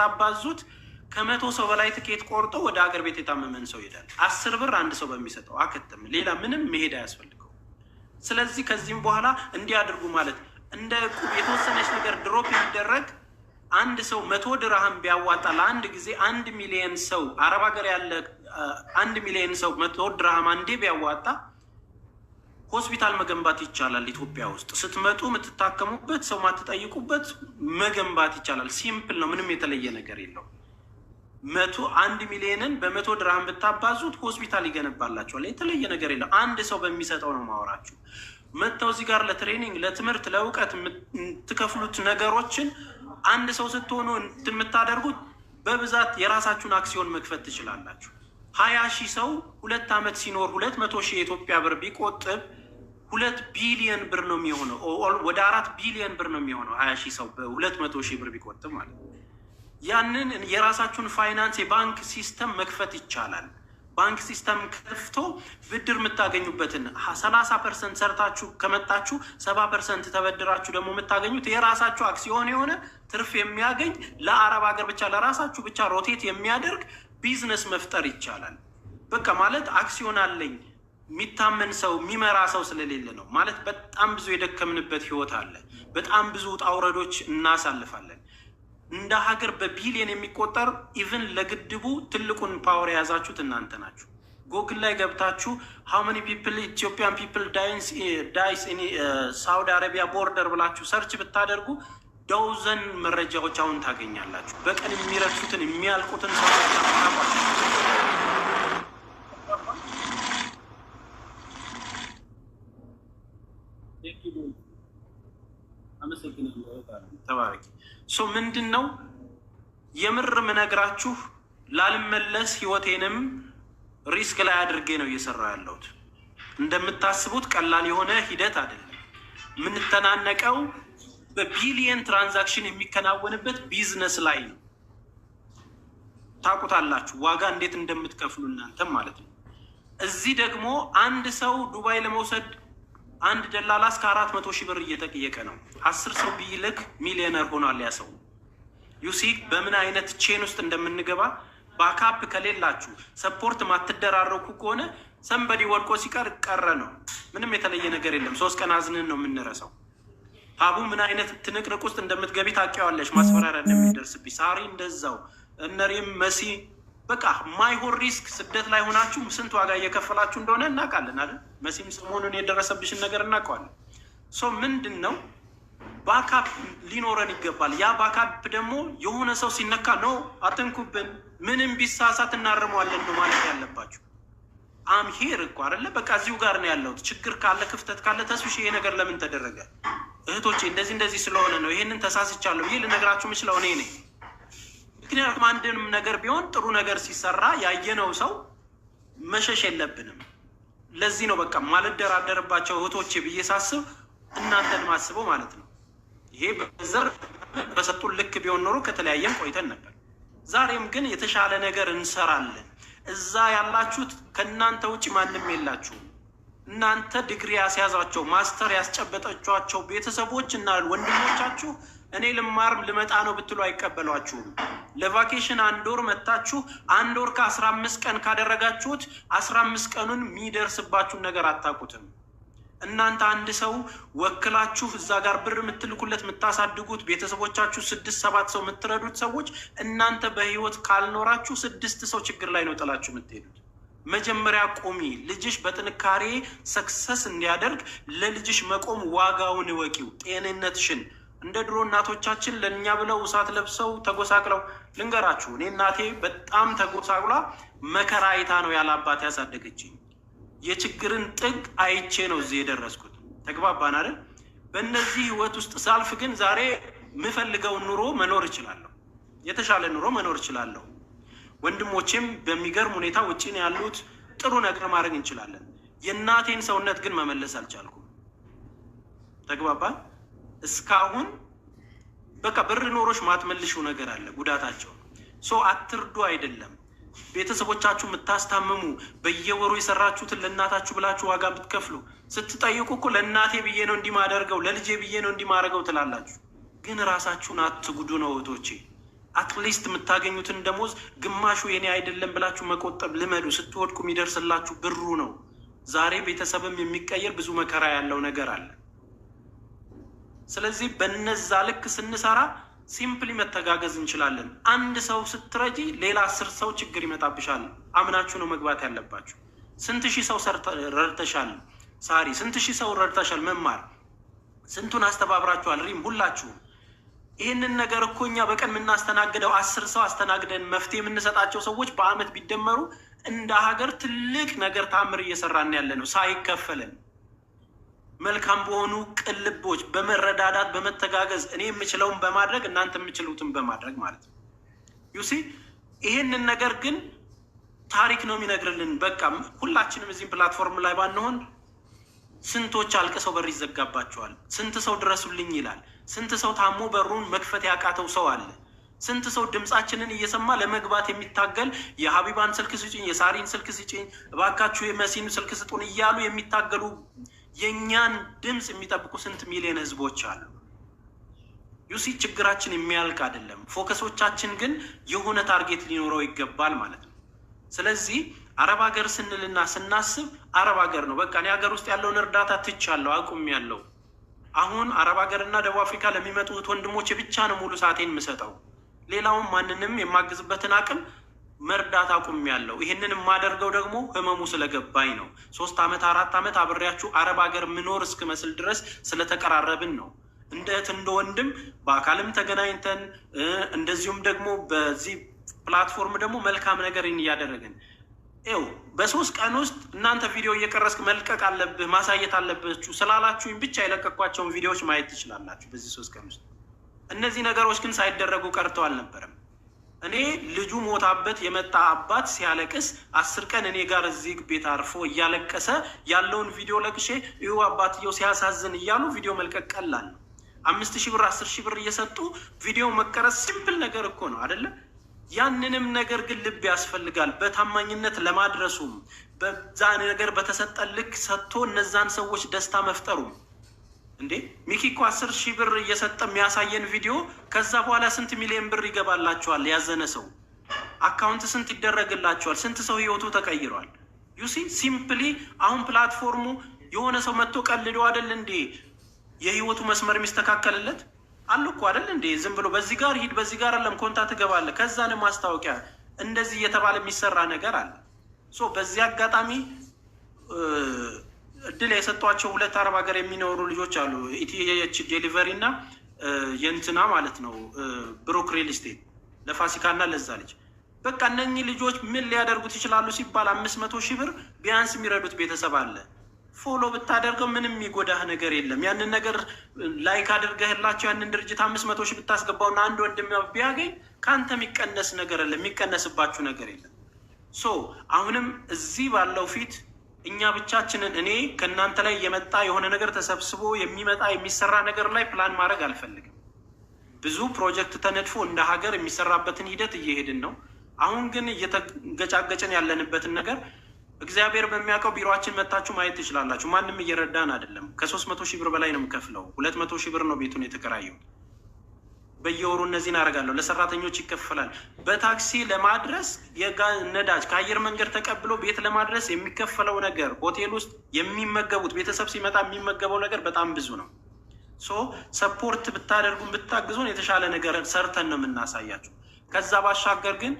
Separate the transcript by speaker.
Speaker 1: ስታባዙት ከመቶ ሰው በላይ ትኬት ቆርጦ ወደ ሀገር ቤት የታመመን ሰው ይሄዳል። አስር ብር አንድ ሰው በሚሰጠው አክትም ሌላ ምንም መሄድ አያስፈልገው። ስለዚህ ከዚህም በኋላ እንዲያደርጉ ማለት እንደ ዕቁብ የተወሰነች ነገር ድሮፕ የሚደረግ አንድ ሰው መቶ ድርሃም ቢያዋጣ ለአንድ ጊዜ አንድ ሚሊየን ሰው አረብ ሀገር ያለ አንድ ሚሊየን ሰው መቶ ድርሃም አንዴ ቢያዋጣ ሆስፒታል መገንባት ይቻላል። ኢትዮጵያ ውስጥ ስትመጡ የምትታከሙበት ሰው ማትጠይቁበት መገንባት ይቻላል። ሲምፕል ነው። ምንም የተለየ ነገር የለው። መቶ አንድ ሚሊዮንን በመቶ ድርሃም ብታባዙት ሆስፒታል ይገነባላቸዋል። የተለየ ነገር የለው። አንድ ሰው በሚሰጠው ነው ማወራችሁ። መጥተው እዚህ ጋር ለትሬኒንግ፣ ለትምህርት፣ ለእውቀት የምትከፍሉት ነገሮችን አንድ ሰው ስትሆኑ የምታደርጉት በብዛት የራሳችሁን አክሲዮን መክፈት ትችላላችሁ። ሀያ ሺህ ሰው ሁለት ዓመት ሲኖር ሁለት መቶ ሺህ የኢትዮጵያ ብር ቢቆጥብ ሁለት ቢሊየን ብር ነው የሚሆነው። ወደ አራት ቢሊየን ብር ነው የሚሆነው ሀያ ሺህ ሰው በሁለት መቶ ሺህ ብር ቢቆጥብ ማለት ነው። ያንን የራሳችሁን ፋይናንስ የባንክ ሲስተም መክፈት ይቻላል። ባንክ ሲስተም ከፍቶ ብድር የምታገኙበትን ሰላሳ ፐርሰንት ሰርታችሁ ከመጣችሁ ሰባ ፐርሰንት ተበድራችሁ ደግሞ የምታገኙት የራሳችሁ አክሲዮን የሆነ ትርፍ የሚያገኝ ለአረብ ሀገር ብቻ ለራሳችሁ ብቻ ሮቴት የሚያደርግ ቢዝነስ መፍጠር ይቻላል። በቃ ማለት አክሲዮን አለኝ የሚታመን ሰው የሚመራ ሰው ስለሌለ ነው። ማለት በጣም ብዙ የደከምንበት ህይወት አለ። በጣም ብዙ ውጣ ውረዶች እናሳልፋለን። እንደ ሀገር በቢሊየን የሚቆጠር ኢቨን ለግድቡ ትልቁን ፓወር የያዛችሁት እናንተ ናችሁ። ጎግል ላይ ገብታችሁ ሀው መኒ ፒፕል ኢትዮጵያን ፒፕል ዳይስ ኢን ሳውዲ አረቢያ ቦርደር ብላችሁ ሰርች ብታደርጉ ዶውዘን መረጃዎች አሁን ታገኛላችሁ። በቀን የሚረሱትን የሚያልቁትን ሰዎች ተባረኪ። ምንድን ነው የምር ምነግራችሁ፣ ላልመለስ ህይወቴንም ሪስክ ላይ አድርጌ ነው እየሰራ ያለሁት። እንደምታስቡት ቀላል የሆነ ሂደት አይደለም። የምንተናነቀው በቢሊየን ትራንዛክሽን የሚከናወንበት ቢዝነስ ላይ ነው። ታውቁታላችሁ ዋጋ እንዴት እንደምትከፍሉ እናንተም ማለት ነው። እዚህ ደግሞ አንድ ሰው ዱባይ ለመውሰድ አንድ ደላላ እስከ አራት መቶ ሺህ ብር እየጠየቀ ነው። አስር ሰው ቢልክ ሚሊዮነር ሆኗል ያ ሰው። ዩሲ በምን አይነት ቼን ውስጥ እንደምንገባ ባካፕ ከሌላችሁ ሰፖርት ማትደራረኩ ከሆነ ሰንበዲ ወድቆ ሲቀር ቀረ ነው። ምንም የተለየ ነገር የለም። ሶስት ቀን አዝንን ነው የምንረሳው። ሀቡ ምን አይነት ትንቅንቅ ውስጥ እንደምትገቢ ታውቂዋለሽ። ማስፈራሪያ እንደሚደርስብኝ ሳሪ እንደዛው እነሪም መሲ በቃ ማይሆን ሪስክ ስደት ላይ ሆናችሁ ስንት ዋጋ እየከፈላችሁ እንደሆነ እናውቃለን አይደል? መሲም ሰሞኑን የደረሰብሽን ነገር እናውቀዋለን። ሶ ምንድን ነው ባካፕ ሊኖረን ይገባል። ያ ባካፕ ደግሞ የሆነ ሰው ሲነካ ነው አትንኩብን፣ ምንም ቢሳሳት እናርመዋለን ነው ማለት ያለባችሁ። አም ሄር እኮ አይደለ? በቃ እዚሁ ጋር ነው ያለሁት። ችግር ካለ ክፍተት ካለ ተስብሽ ይሄ ነገር ለምን ተደረገ እህቶቼ እንደዚህ እንደዚህ ስለሆነ ነው ይሄንን ተሳስቻለሁ ብዬ ልነግራችሁ የምችለው እኔ ነኝ። ምክንያቱም አንድንም ነገር ቢሆን ጥሩ ነገር ሲሰራ ያየነው ሰው መሸሽ የለብንም። ለዚህ ነው በቃ ማልደራደርባቸው እህቶቼ ብዬ ሳስብ እናንተን ማስበው ማለት ነው። ይሄ በዘር በሰጡን ልክ ቢሆን ኖሮ ከተለያየን ቆይተን ነበር። ዛሬም ግን የተሻለ ነገር እንሰራለን። እዛ ያላችሁት ከእናንተ ውጭ ማንም የላችሁም። እናንተ ዲግሪ ያስያዛቸው ማስተር ያስጨበጠችኋቸው ቤተሰቦች እና ወንድሞቻችሁ እኔ ልማር ልመጣ ነው ብትሉ አይቀበሏችሁም። ለቫኬሽን አንድ ወር መታችሁ አንድ ወር ከአስራ አምስት ቀን ካደረጋችሁት አስራ አምስት ቀኑን የሚደርስባችሁን ነገር አታውቁትም። እናንተ አንድ ሰው ወክላችሁ እዛ ጋር ብር የምትልኩለት የምታሳድጉት ቤተሰቦቻችሁ ስድስት ሰባት ሰው የምትረዱት ሰዎች እናንተ በህይወት ካልኖራችሁ ስድስት ሰው ችግር ላይ ነው ጥላችሁ የምትሄዱት። መጀመሪያ ቆሚ። ልጅሽ በጥንካሬ ሰክሰስ እንዲያደርግ ለልጅሽ መቆም ዋጋውን እወቂው። ጤንነትሽን እንደ ድሮ እናቶቻችን ለእኛ ብለው እሳት ለብሰው ተጎሳቅለው፣ ልንገራችሁ፣ እኔ እናቴ በጣም ተጎሳቅላ መከራ አይታ ነው ያለ አባት ያሳደገችኝ። የችግርን ጥግ አይቼ ነው እዚህ የደረስኩት። ተግባባን አይደል? በእነዚህ ህይወት ውስጥ ሳልፍ ግን ዛሬ የምፈልገውን ኑሮ መኖር እችላለሁ። የተሻለ ኑሮ መኖር እችላለሁ። ወንድሞቼም በሚገርም ሁኔታ ውጭ ነው ያሉት። ጥሩ ነገር ማድረግ እንችላለን። የእናቴን ሰውነት ግን መመለስ አልቻልኩም። ተግባባ። እስካሁን በቃ ብር ኖሮች ማትመልሽው ነገር አለ። ጉዳታቸው ሶ አትርዱ አይደለም ቤተሰቦቻችሁ የምታስታምሙ በየወሩ የሰራችሁትን ለእናታችሁ ብላችሁ ዋጋ ብትከፍሉ ስትጠይቁ እኮ ለእናቴ ብዬ ነው እንዲህ ማደርገው ለልጄ ብዬ ነው እንዲህ ማደርገው ትላላችሁ። ግን ራሳችሁን አትጉዱ ነው እህቶቼ። አትሊስት የምታገኙትን ደሞዝ ግማሹ የኔ አይደለም ብላችሁ መቆጠብ ልመዱ። ስትወድቁ የሚደርስላችሁ ብሩ ነው። ዛሬ ቤተሰብም የሚቀየር ብዙ መከራ ያለው ነገር አለ። ስለዚህ በነዛ ልክ ስንሰራ ሲምፕሊ መተጋገዝ እንችላለን። አንድ ሰው ስትረጂ ሌላ አስር ሰው ችግር ይመጣብሻል። አምናችሁ ነው መግባት ያለባችሁ። ስንት ሺህ ሰው ረድተሻል ሳሪ፣ ስንት ሺህ ሰው ረድተሻል መማር፣ ስንቱን አስተባብራችኋል ሪም ሁላችሁም ይህንን ነገር እኮ እኛ በቀን የምናስተናግደው አስር ሰው አስተናግደን መፍትሄ የምንሰጣቸው ሰዎች በአመት ቢደመሩ እንደ ሀገር ትልቅ ነገር ታምር እየሰራን ያለ ነው ሳይከፈለን መልካም በሆኑ ቅልቦች በመረዳዳት በመተጋገዝ እኔ የምችለውን በማድረግ እናንተ የምችሉትን በማድረግ ማለት ነው። ዩሲ ይህንን ነገር ግን ታሪክ ነው የሚነግርልን። በቃ ሁላችንም እዚህም ፕላትፎርም ላይ ባንሆን ስንቶች አልቅሰው በር ይዘጋባቸዋል። ስንት ሰው ድረሱልኝ ይላል። ስንት ሰው ታሞ በሩን መክፈት ያቃተው ሰው አለ። ስንት ሰው ድምፃችንን እየሰማ ለመግባት የሚታገል የሀቢባን ስልክ ስጭኝ፣ የሳሪን ስልክ ስጭኝ፣ እባካችሁ የመሲኑ ስልክ ስጡን እያሉ የሚታገሉ የእኛን ድምፅ የሚጠብቁ ስንት ሚሊዮን ህዝቦች አሉ። ዩሲ ችግራችን የሚያልቅ አይደለም። ፎከሶቻችን ግን የሆነ ታርጌት ሊኖረው ይገባል ማለት ነው። ስለዚህ አረብ ሀገር ስንልና ስናስብ አረብ ሀገር ነው። በቃ እኔ ሀገር ውስጥ ያለውን እርዳታ ትቻለሁ፣ ያለው አሁን አረብ ሀገርና ደቡብ አፍሪካ ለሚመጡት ወንድሞች ብቻ ነው ሙሉ ሰዓቴን የምሰጠው። ሌላውን ማንንም የማግዝበትን አቅም መርዳት ያለው። ይህንን የማደርገው ደግሞ ህመሙ ስለገባኝ ነው። ሶስት ዓመት አራት ዓመት አብሬያችሁ አረብ ሀገር ምኖር እስክመስል ድረስ ስለተቀራረብን ነው። እንደ እህት እንደ ወንድም በአካልም ተገናኝተን እንደዚሁም ደግሞ በዚህ ፕላትፎርም ደግሞ መልካም ነገር እያደረግን ው በሶስት ቀን ውስጥ እናንተ ቪዲዮ እየቀረስክ መልቀቅ አለብህ ማሳየት አለባችሁ ስላላችሁኝ ብቻ የለቀኳቸውን ቪዲዮዎች ማየት ትችላላችሁ። በዚህ ሶስት ቀን ውስጥ እነዚህ ነገሮች ግን ሳይደረጉ ቀርተው አልነበረም። እኔ ልጁ ሞታበት የመጣ አባት ሲያለቅስ አስር ቀን እኔ ጋር እዚህ ቤት አርፎ እያለቀሰ ያለውን ቪዲዮ ለቅሼ ይሁ አባትየው ሲያሳዝን እያሉ ቪዲዮ መልቀቅ ቀላል ነው። አምስት ሺህ ብር አስር ሺህ ብር እየሰጡ ቪዲዮ መቀረጽ ሲምፕል ነገር እኮ ነው አይደለም። ያንንም ነገር ግን ልብ ያስፈልጋል። በታማኝነት ለማድረሱም በዛ ነገር በተሰጠ ልክ ሰጥቶ እነዛን ሰዎች ደስታ መፍጠሩ እንዴ ሚኪ እኮ አስር ሺህ ብር እየሰጠ የሚያሳየን ቪዲዮ ከዛ በኋላ ስንት ሚሊዮን ብር ይገባላቸዋል። ያዘነ ሰው አካውንት ስንት ይደረግላቸዋል። ስንት ሰው ህይወቱ ተቀይሯል። ዩሲ ሲምፕሊ አሁን ፕላትፎርሙ የሆነ ሰው መጥቶ ቀልዶ አይደል እንዴ የህይወቱ መስመር የሚስተካከልለት አሉ እኮ አይደል እንዴ? ዝም ብሎ በዚህ ጋር ሂድ፣ በዚህ ጋር አለም ኮንታ ትገባለህ፣ ከዛን ማስታወቂያ እንደዚህ እየተባለ የሚሰራ ነገር አለ። ሶ በዚህ አጋጣሚ እድል የሰጧቸው ሁለት አረብ ሀገር የሚኖሩ ልጆች አሉ። ኢቲኤች ዴሊቨሪ እና የእንትና ማለት ነው ብሩክ ሪል ስቴት ለፋሲካ እና ለዛ ልጅ በቃ እነኚህ ልጆች ምን ሊያደርጉት ይችላሉ ሲባል አምስት መቶ ሺህ ብር ቢያንስ የሚረዱት ቤተሰብ አለ። ፎሎ ብታደርገው ምንም የሚጎዳህ ነገር የለም። ያንን ነገር ላይክ አድርገህላቸው ያንን ድርጅት አምስት መቶ ሺህ ብታስገባውና አንድ ወንድም ቢያገኝ ከአንተ የሚቀነስ ነገር የለም፣ የሚቀነስባችሁ ነገር የለም። ሶ አሁንም እዚህ ባለው ፊት እኛ ብቻችንን እኔ ከእናንተ ላይ የመጣ የሆነ ነገር ተሰብስቦ የሚመጣ የሚሰራ ነገር ላይ ፕላን ማድረግ አልፈልግም። ብዙ ፕሮጀክት ተነድፎ እንደ ሀገር የሚሰራበትን ሂደት እየሄድን ነው። አሁን ግን እየተገጫገጭን ያለንበትን ነገር እግዚአብሔር በሚያውቀው ቢሮችን መታችሁ ማየት ትችላላችሁ። ማንም እየረዳን አይደለም። ከሶስት መቶ ሺህ ብር በላይ ነው የምከፍለው። ሁለት መቶ ሺህ ብር ነው ቤቱን የተከራየው። በየወሩ እነዚህን አደርጋለሁ። ለሰራተኞች ይከፈላል። በታክሲ ለማድረስ ነዳጅ ከአየር መንገድ ተቀብሎ ቤት ለማድረስ የሚከፈለው ነገር፣ ሆቴል ውስጥ የሚመገቡት ቤተሰብ ሲመጣ የሚመገበው ነገር በጣም ብዙ ነው። ሶ ሰፖርት ብታደርጉን ብታግዙን የተሻለ ነገር ሰርተን ነው የምናሳያቸው ከዛ ባሻገር ግን